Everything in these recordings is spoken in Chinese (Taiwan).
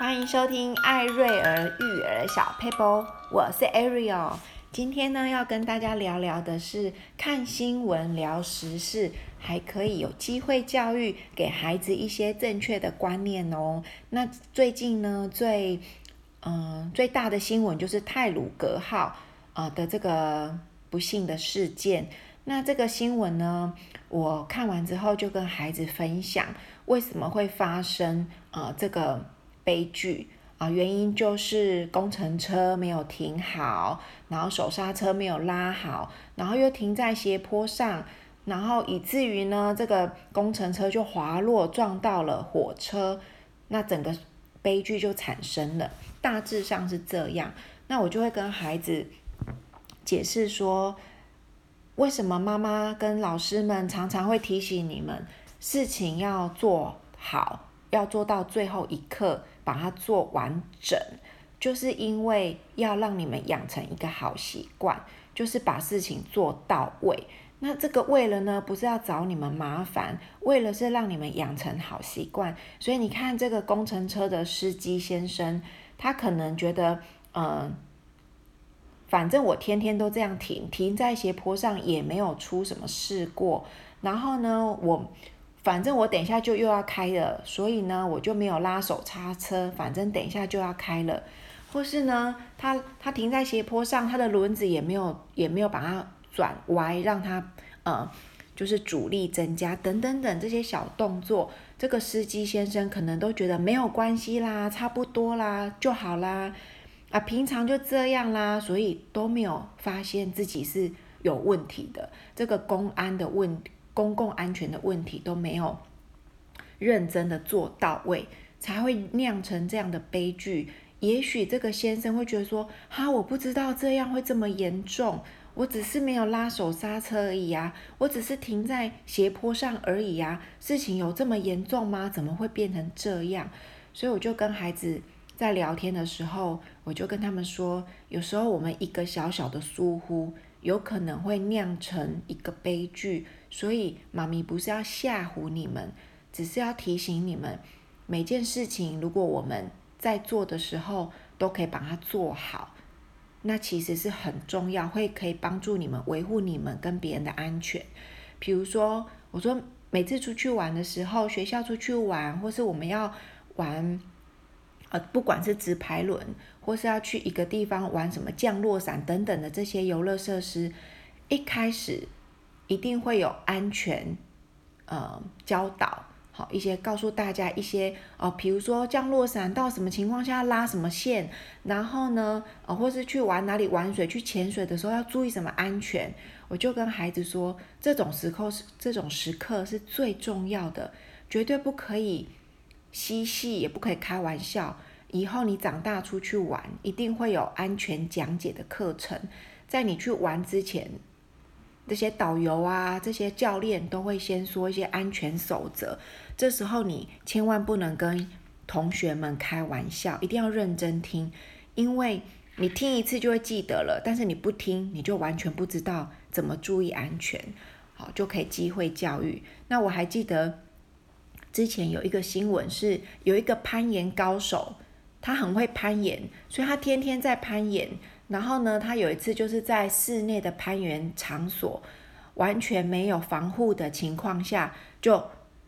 歡迎收聽艾瑞兒育兒小撇步，我是 Ariel。今天呢，要跟大家聊聊的是看新聞聊時事，還可以有機會教育給孩子一些正確的觀念哦。那最近呢，最嗯、呃、最大的新聞就是太魯閣號啊、呃、的這個不幸的事件。那這個新聞呢，我看完之後就跟孩子分享，為什麼會發生啊、呃、這個悲劇啊！原因就是工程車沒有停好，然後手剎車沒有拉好，然後又停在斜坡上，然後以至於呢，這個工程車就滑落，撞到了火車，那整個悲劇就產生了。大致上是這樣。那我就會跟孩子解釋說，為什麼媽媽跟老師們常常會提醒你們，事情要做好，要做到最後一刻。把它做完整，就是因為要讓你們養成一個好習慣，就是把事情做到位。那這個為了呢，不是要找你們麻煩，為了是讓你們養成好習慣。所以你看，這個工程車的司機先生，他可能覺得，嗯，反正我天天都這樣停，停在斜坡上也沒有出什麼事過。然後呢，我。反正我等一下就又要開了，所以呢，我就沒有拉手剎車。反正等一下就要開了，或是呢，他他停在斜坡上，他的輪子也沒有也沒有把它轉歪，讓他呃，就是阻力增加等等等這些小動作，這個司機先生可能都覺得沒有關係啦，差不多啦就好啦，啊，平常就這樣啦，所以都沒有發現自己是有問題的。這個公安的問題。公共安全的問題都沒有認真的做到位，才會釀成這樣的悲劇。也許這個先生會覺得說：“哈，我不知道這樣會這麼嚴重，我只是沒有拉手剎車而已啊，我只是停在斜坡上而已啊，事情有這麼嚴重嗎？怎麼會變成這樣？”所以我就跟孩子在聊天的時候，我就跟他們說，有時候我們一個小小的疏忽，有可能會釀成一個悲劇。所以，媽咪不是要嚇唬你們，只是要提醒你們，每件事情如果我們在做的時候都可以把它做好，那其實是很重要，會可以幫助你們維護你們跟別人的安全。比如說，我說每次出去玩的時候，學校出去玩，或是我們要玩，呃，不管是直排輪，或是要去一個地方玩什麼降落傘等等的這些遊樂設施，一開始。一定會有安全，呃，教導好一些，告訴大家一些哦，比如說降落傘到什麼情況下拉什麼線，然後呢，哦，或是去玩哪裡玩水，去潛水的時候要注意什麼安全。我就跟孩子說，這種時刻是這種時刻是最重要的，絕對不可以嬉戲，也不可以開玩笑。以後你長大出去玩，一定會有安全講解的課程，在你去玩之前。這些導遊啊，這些教練都會先說一些安全守則。這時候你千萬不能跟同學們開玩笑，一定要認真聽，因為你聽一次就會記得了。但是你不聽，你就完全不知道怎麼注意安全。好，就可以機會教育。那我還記得之前有一個新聞是，是有一個攀岩高手，他很會攀岩，所以他天天在攀岩。然後呢，他有一次就是在室內的攀岩場所，完全沒有防護的情況下，就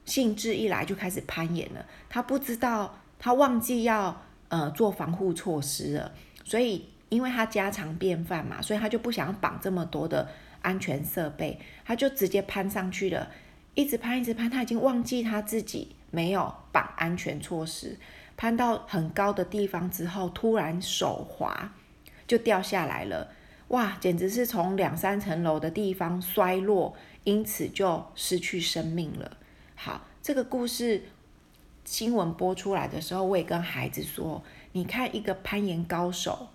興致一來就開始攀岩了。他不知道，他忘記要呃做防護措施了。所以，因為他家常便飯嘛，所以他就不想要綁這麼多的安全設備，他就直接攀上去了，一直攀，一直攀。他已經忘記他自己沒有綁安全措施，攀到很高的地方之後，突然手滑。就掉下來了，哇！簡直是從兩三層樓的地方摔落，因此就失去生命了。好，這個故事新聞播出來的時候，我也跟孩子說，你看一個攀岩高手，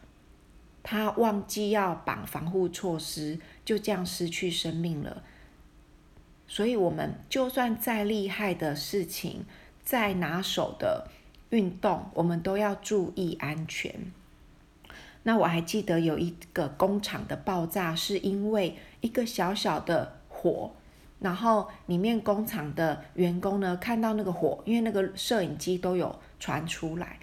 他忘記要綁防護措施，就這樣失去生命了。所以，我們就算再厲害的事情，再拿手的運動，我們都要注意安全。那我還記得有一個工廠的爆炸，是因為一個小小的火，然後裡面工廠的員工呢，看到那個火，因為那個攝影機都有傳出來，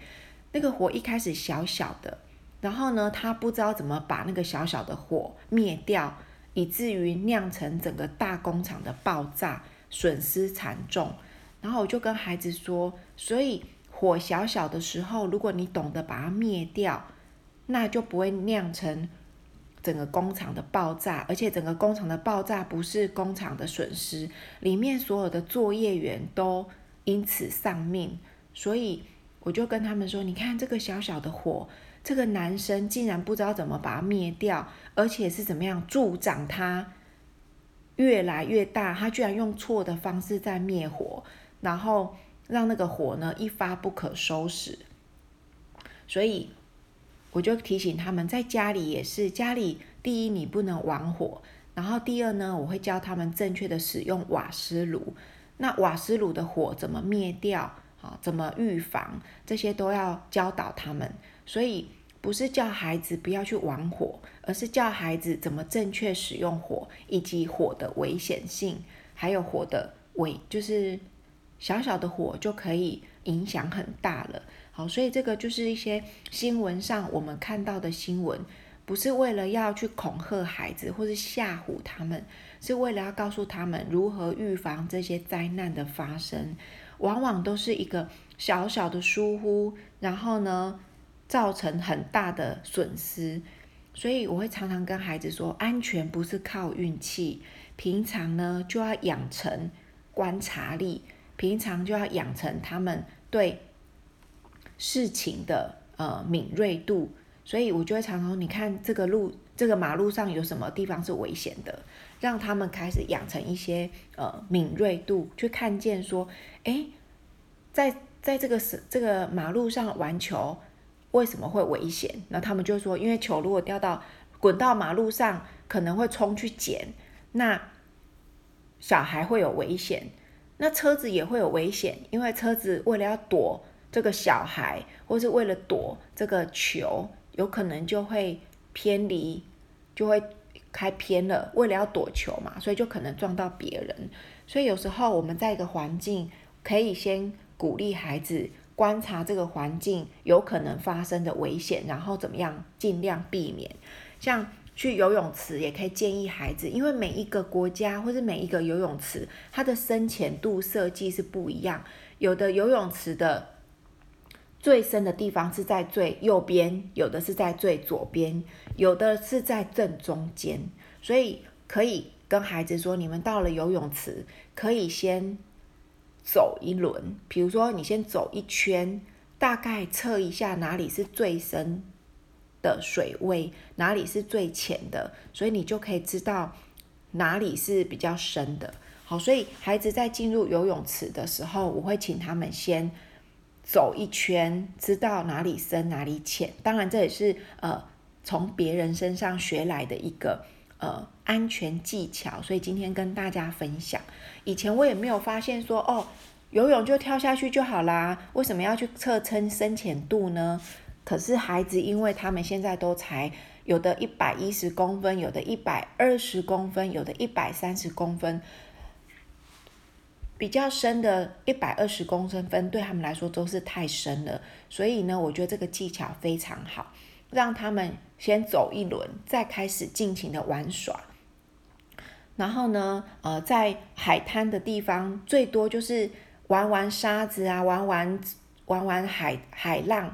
那個火一開始小小的，然後呢，他不知道怎麼把那個小小的火滅掉，以至於釀成整個大工廠的爆炸，損失慘重。然後我就跟孩子說，所以火小小的時候，如果你懂得把它滅掉，那就不會釀成整個工廠的爆炸，而且整個工廠的爆炸不是工廠的損失，裡面所有的作業員都因此喪命。所以我就跟他們說：“你看這個小小的火，這個男生竟然不知道怎麼把它滅掉，而且是怎麼樣助長它越來越大，他居然用錯的方式在滅火，然後讓那個火呢一發不可收拾。”所以。我就提醒他們，在家裡也是，家裡第一你不能玩火，然後第二呢，我會教他們正確的使用瓦斯爐，那瓦斯爐的火怎麼滅掉啊？怎麼預防？這些都要教導他們。所以不是叫孩子不要去玩火，而是叫孩子怎麼正確使用火，以及火的危險性，還有火的危，就是小小的火就可以影響很大了。好，所以這個就是一些新聞上我們看到的新聞，不是為了要去恐嚇孩子或是嚇唬他們，是為了要告訴他們如何預防這些災難的發生。往往都是一個小小的疏忽，然後呢，造成很大的損失。所以我會常常跟孩子說，安全不是靠運氣，平常呢就要養成觀察力，平常就要養成他們對。事情的呃敏銳度，所以我就會常常說，你看這個路，這個馬路上有什麼地方是危險的，讓他們開始養成一些呃敏銳度，去看見說，哎，在在這個這個馬路上玩球為什麼會危險？那他們就說，因為球如果掉到滾到馬路上，可能會衝去撿，那小孩會有危險，那車子也會有危險，因為車子為了要躲。這個小孩，或是為了躲這個球，有可能就會偏離，就會開偏了。為了要躲球嘛，所以就可能撞到別人。所以有時候我們在一個環境，可以先鼓勵孩子觀察這個環境有可能發生的危險，然後怎麼樣盡量避免。像去游泳池，也可以建議孩子，因為每一個國家或是每一個游泳池，它的深淺度設計是不一樣，有的游泳池的。最深的地方是在最右邊，有的是在最左邊，有的是在正中間。所以可以跟孩子說：你們到了游泳池，可以先走一輪。比如說，你先走一圈，大概測一下哪裡是最深的水位，哪裡是最淺的，所以你就可以知道哪裡是比較深的。好，所以孩子在進入游泳池的時候，我會請他們先。走一圈，知道哪裡深哪裡淺。當然，這也是呃從別人身上學來的一個呃安全技巧。所以今天跟大家分享。以前我也沒有發現說，哦，游泳就跳下去就好啦，為什麼要去測稱深淺度呢？可是孩子，因為他們現在都才有的一百一十公分，有的一百二十公分，有的一百三十公分。比較深的，一百二十公分，分對他們來說都是太深了。所以呢，我覺得這個技巧非常好，讓他們先走一輪，再開始盡情的玩耍。然後呢，呃，在海灘的地方，最多就是玩玩沙子啊，玩玩玩玩海海浪，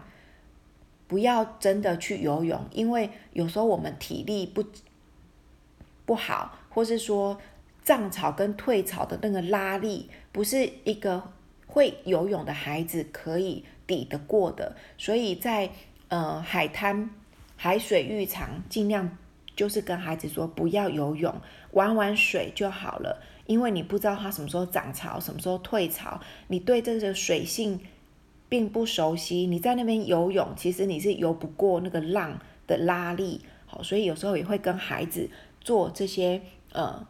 不要真的去游泳，因為有時候我們體力不不好，或是說。漲潮跟退潮的那個拉力，不是一個會游泳的孩子可以抵得過的。所以在，在呃海灘、海水浴場，盡量就是跟孩子說不要游泳，玩玩水就好了。因為你不知道他什麼時候漲潮，什麼時候退潮，你對這個水性並不熟悉。你在那邊游泳，其實你是游不過那個浪的拉力。好，所以有時候也會跟孩子做這些呃。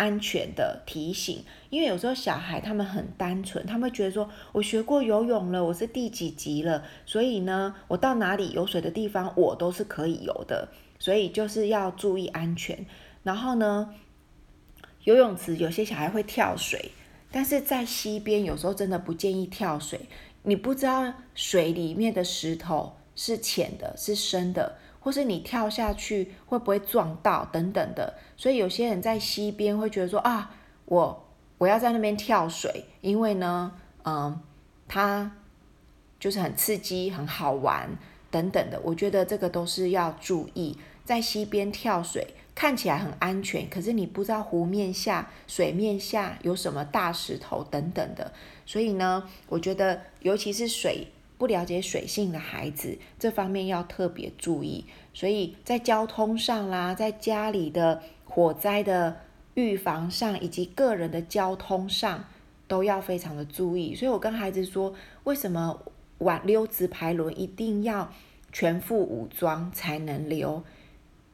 安全的提醒。因為有時候小孩他們很單純，他們覺得說我學過游泳了，我是第幾級了，所以呢，我到哪裡有水的地方我都是可以游的，所以就是要注意安全。然後呢，游泳池有些小孩會跳水，但是在溪邊有時候真的不建議跳水，你不知道水裡面的石頭是淺的，是深的。或是你跳下去會不會撞到等等的，所以有些人在溪邊會覺得說啊，我我要在那邊跳水，因為呢，嗯，它就是很刺激、很好玩等等的。我覺得這個都是要注意，在溪邊跳水看起來很安全，可是你不知道湖面下、水面下有什麼大石頭等等的，所以呢，我覺得尤其是水。不了解水性的孩子，這方面要特別注意。所以在交通上啦，在家裡的火災的預防上，以及個人的交通上，都要非常的注意。所以我跟孩子說，為什麼玩溜直排輪一定要全副武裝才能溜？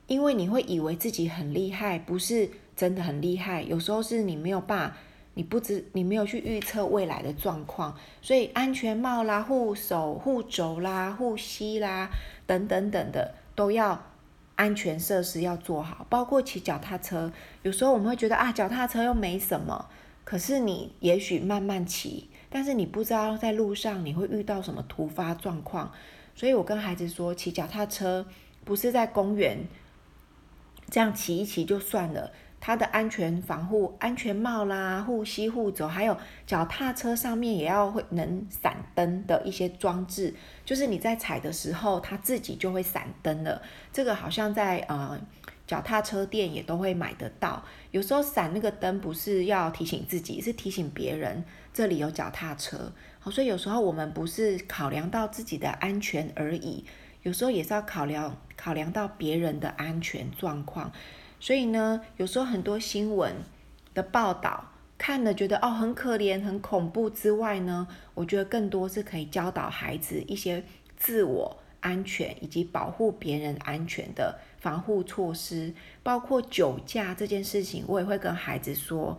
因為你會以為自己很厲害，不是真的很厲害。有時候是你沒有把。你不知，你沒有去預測未來的狀況，所以安全帽啦、護手、護肘啦、護膝啦等等等的都要安全設施要做好。包括騎腳踏車，有時候我們會覺得啊，腳踏車又沒什麼，可是你也許慢慢騎，但是你不知道在路上你會遇到什麼突發狀況。所以我跟孩子說，騎腳踏車不是在公園這樣騎一騎就算了。它的安全防護、安全帽啦、護膝護肘，還有腳踏車上面也要會能閃燈的一些裝置，就是你在踩的時候，它自己就會閃燈了。這個好像在呃腳踏車店也都會買得到。有時候閃那個燈不是要提醒自己，是提醒別人這裡有腳踏車。好，所以有時候我們不是考量到自己的安全而已，有時候也是要考量考量到別人的安全狀況。所以呢，有時候很多新聞的報道看了覺得哦很可憐、很恐怖之外呢，我覺得更多是可以教導孩子一些自我安全以及保護別人安全的防護措施，包括酒駕這件事情，我也會跟孩子說，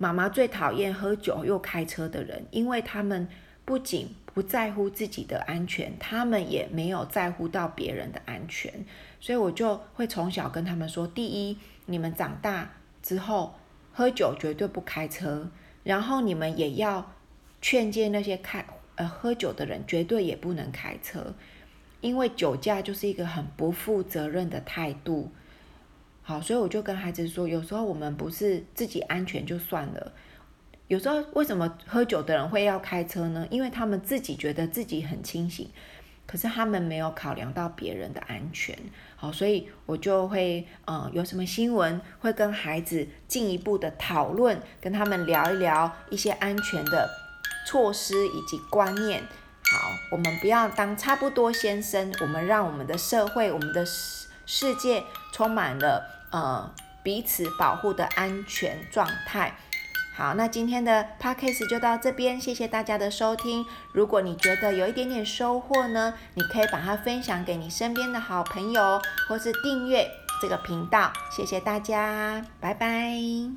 媽媽最討厭喝酒又開車的人，因為他們，不僅不在乎自己的安全，他們也沒有在乎到別人的安全，所以我就會從小跟他們說：第一，你們長大之後喝酒絕對不開車；然後你們也要勸誡那些開呃喝酒的人，絕對也不能開車，因為酒駕就是一個很不負責任的態度。好，所以我就跟孩子說：有時候我們不是自己安全就算了。有時候為什麼喝酒的人會要開車呢？因為他們自己覺得自己很清醒，可是他們沒有考量到別人的安全。好，所以我就會，嗯、呃，有什麼新聞會跟孩子進一步的討論，跟他們聊一聊一些安全的措施以及觀念。好，我們不要當差不多先生，我們讓我們的社會、我們的世界充滿了呃彼此保護的安全狀態。好，那今天的 podcast 就到這邊，謝謝大家的收聽。如果你覺得有一點點收穫呢，你可以把它分享給你身邊的好朋友，或是訂閱這個頻道。謝謝大家，拜拜。